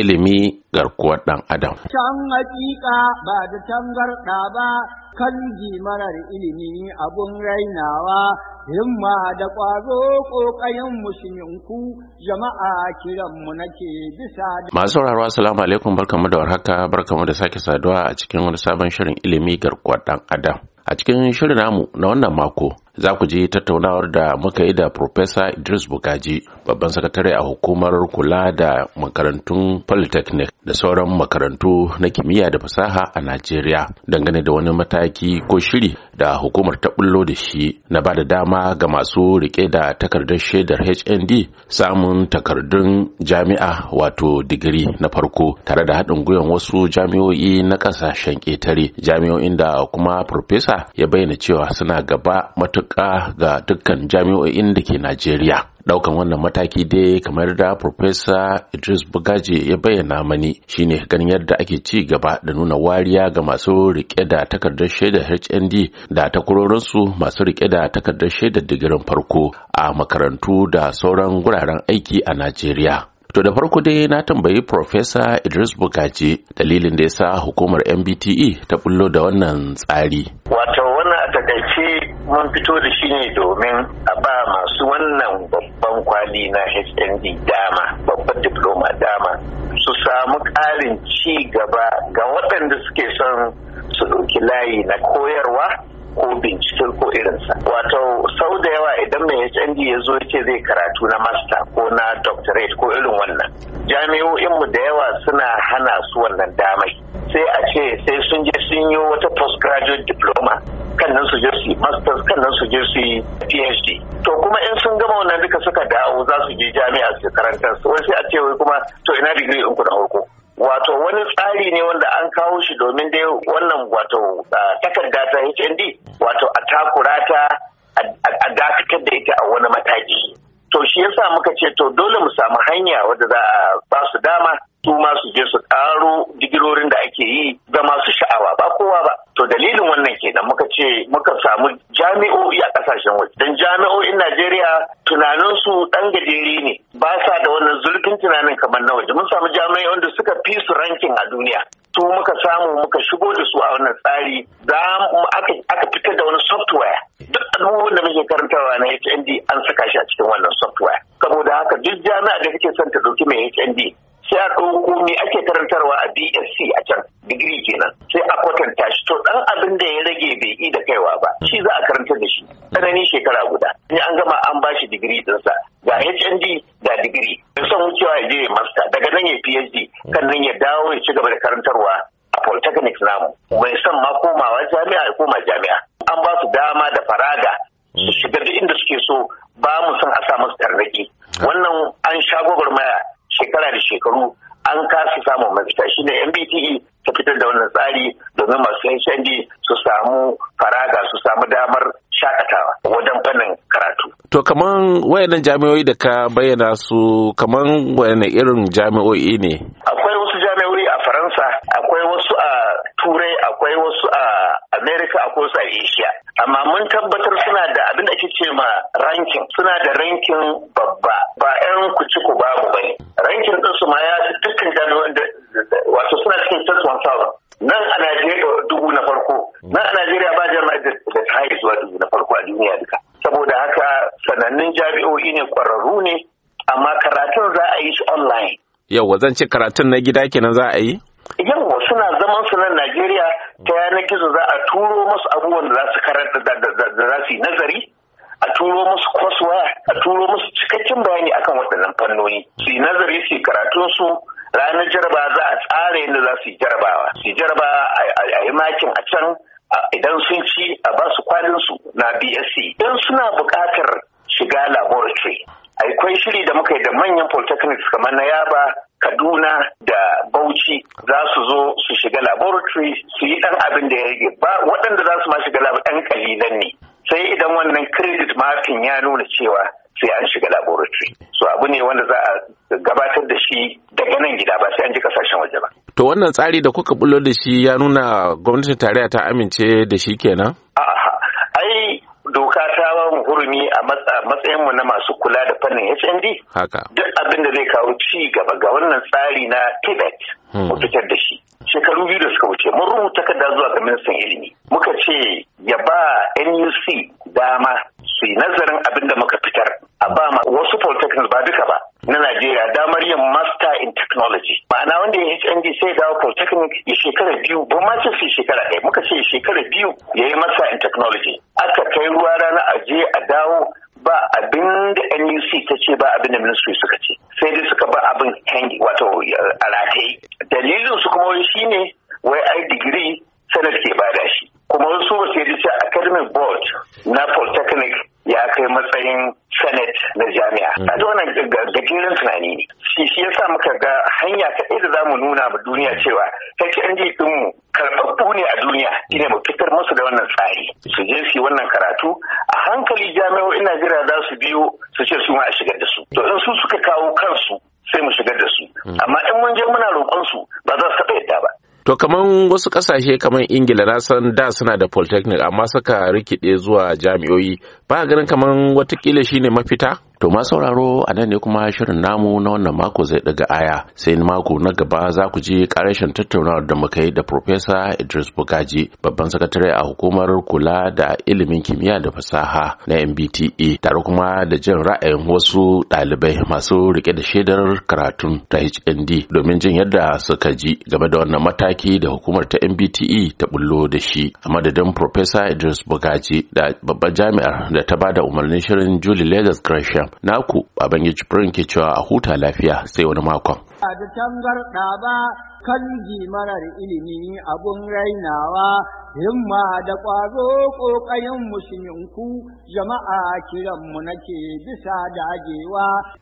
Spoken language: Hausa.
ilimi garkuwar ɗan adam. Can hakika ba da garɗa ba kan marar ilimi abun rainawa himma da ƙwazo ƙoƙayen musulminku jama'a kiranmu nake bisa Masu sauraro assalamu alaikum barkamu da warhaka barkamu da sake saduwa a cikin wani sabon shirin ilimi garkuwar ɗan adam. A cikin shirin namu na wannan mako za ku ji tattaunawar da muka yi da Profesa Idris Bugaji, babban sakatare a hukumar kula da makarantun Polytechnic da sauran makarantu na kimiyya da fasaha a Najeriya dangane da wani mataki ko shiri da hukumar ta bullo da shi na ba da dama ga masu rike da takardar shaidar HND samun takardun jami'a wato digiri na farko tare da haɗin gwiwan wasu jami'o'i na ƙasashen ƙetare jami'o'in da kuma Profesa ya bayyana cewa suna gaba matuƙa matuƙa ga dukkan jami'o'in da ke Najeriya. daukan wannan mataki dai kamar da Profesa Idris Bugaje ya bayyana mani shine ganin yadda ake ci gaba da nuna wariya ga masu rike da takardar shaidar HND da takwarorinsu masu rike da takardar shaidar digirin farko a makarantu da sauran guraren aiki a Najeriya. To da farko dai na tambayi Profesa Idris Bugaje dalilin da ya sa hukumar MBTE ta bullo da wannan tsari. Wato wannan a takaice mun fito da shi ne domin a ba masu wannan babban kwali na hnd dama babban diploma dama su samu ƙarin ci gaba ga waɗanda suke son su ɗauki layi na koyarwa ko bincike ko irinsa. Wato sau da yawa idan mai HND ya zo yake zai karatu na master ko na doctorate ko irin wannan. Jami'o'inmu da yawa suna hana su wannan damai. Sai a ce sai sun je janyo wata postgraduate diploma kan nan su je su masters kan nan su je su phd to kuma in sun gama wannan duka suka dawo za su je jami'a su karantar su wai sai a ce wai kuma to ina digiri in ku da farko wato wani tsari ne wanda an kawo shi domin dai wannan wato takarda ta hnd wato a takura ta a dakatar da ita a wani mataki to shi yasa muka ce to dole mu samu hanya wadda za a ba su dama su ma su je su karo digirorin da ake yi ga masu sha'awa ba kowa ba to dalilin wannan kenan muka ce muka samu jami'o'i a kasashen waje don jami'o'in Najeriya tunanin su dan gajere ne ba sa da wannan zurfin tunanin kamar na waje mun samu jami'o'in da suka fi su rankin a duniya su muka samu muka shigo da su a wannan tsari za aka fitar da wani software duk abubuwan da muke karantarwa na HND an saka shi a cikin wannan software saboda haka duk jami'a da kake son ta ɗauki mai HND sai a ɗauko me ake karantarwa a BSc a can digiri kenan sai a kwatanta shi to ɗan abin da ya rage bai yi da kaiwa ba shi za a karanta da shi tsanani shekara guda Ni an gama an bashi digiri ɗinsa ga HND da digiri son wucewa ya je ya masta daga nan ya PhD kan nan ya dawo ya ci gaba da karantarwa a polytechnic namu mai son ma komawa jami'a ya koma jami'a an ba su dama da faraga su shiga da inda suke so ba mu son a sa musu wannan an sha gwagwarmaya shekara da shekaru an kasu samun mafita shine MBTE ta fitar da wannan tsari domin masu yin canji su samu faraga su samu damar shakatawa wajen fannin karatu. To kamar wayannan jami'oi da ka bayyana su kamar wayanne irin jami'oi ne? Akwai wasu jami'oi a Faransa, akwai wasu a Turai, akwai wasu a Amerika, akwai wasu a Asia. Amma mun tabbatar suna da abin da ake ce ma rankin, suna da rankin babba, ba 'yan ci ku babu bane. rankin su ma ya dukkan jami'an da wato suna cikin sas 1000 nan a Najeriya oh, dubu na farko nan a Najeriya ba jami'a da ta haihu zuwa dubu na farko a duniya duka saboda haka sanannun jami'o'i ne kwararru ne amma karatun za a yi su online yauwa zan ce karatun na gida kenan za a yi yauwa suna zaman su nan Najeriya ta yanar gizo za a turo masu abubuwan da za su karanta da za su yi nazari a turo musu crosswire a turo musu cikakken bayani akan waɗannan fannoni su yi nazari su karatun su ranar jaraba za a tsara yadda za su yi jarabawa su jaraba a yi makin a can idan sun ci a ba su kwalin su na bsc idan suna buƙatar shiga laboratory akwai shiri da muka yi da manyan polytechnics kamar na yaba kaduna da bauchi za su zo su shiga laboratory su yi dan abin da ya rage ba waɗanda za su ma shiga laboratory ɗan kalilan ne hakan ya nuna cewa sai an shiga laboratory so abu ne wanda za a gabatar da shi daga nan gida ba sai an ji kasashen waje ba to wannan tsari da kuka bullo da shi ya nuna gwamnatin tarayya ta amince da shi kenan ai doka ta ba mu hurumi a matsayin mu na masu kula da fannin HND haka duk abin da zai kawo ci gaba ga wannan tsari na Tibet e mu hmm. fitar da shi shekaru biyu da suka wuce mun rubuta kada zuwa ga ministan ilimi muka ce ya ba NUC dama su yi nazarin abin da muka fitar a ba ma wasu polytechnics ba duka ba na Najeriya damar yin master in technology ma'ana wanda ya HND sai dawo polytechnic ya shekara biyu ba ma ce shekara ɗaya muka ce shekara biyu ya yi master in technology aka kai ruwa rana a je a dawo ba abin da NUC ta ce ba abin da ministry suka ce sai dai suka ba abin hangi wato a rataye dalilin su kuma wai shine wai ai digiri sanar ke bada shi kuma wasu wasu yadda yarda academic board na polytechnic ya kai matsayin senate na jami'a hmm. a da wannan gajeren tunani ne shi shi yasa muka ga hanya kaɗai da zamu nuna ma duniya hmm. cewa HND ɗinmu karɓaɓɓu ne a duniya shine mu fitar musu da wannan tsari su je su yi wannan karatu a hankali jami'o'in Najeriya za su biyo su ce su ma a shigar da su to in su suka kawo kansu sai mu shigar da su hmm. amma in mun je muna roƙon su ba za su taɓa yadda ba To kamar wasu ƙasashe kamar Ingila na san da suna da polytechnic amma suka rikide zuwa jami'oyi ba ganin kamar watakila shine mafita? To ma sauraro a nan ne kuma shirin namu na wannan mako zai daga aya sai mako na gaba za ku ji karashin tattaunawar da muka yi da Profesa Idris Bugaji babban sakatare a hukumar kula da ilimin kimiyya da fasaha na MBTE tare kuma da jin ra'ayin wasu ɗalibai masu rike da shaidar karatun ta HND domin jin yadda suka ji game da wannan mataki da hukumar ta MBTE ta bullo da shi a madadin Profesa Idris Bugaji da babban jami'ar da ta bada umarnin shirin Julie Lagos Gresham kenan naku Babangiji Jibrin ke cewa a huta lafiya sai wani makon a da ba kan marar ilimi abun rainawa himma da ƙwazo ƙoƙayen musulminku jama'a kiranmu nake bisa dagewa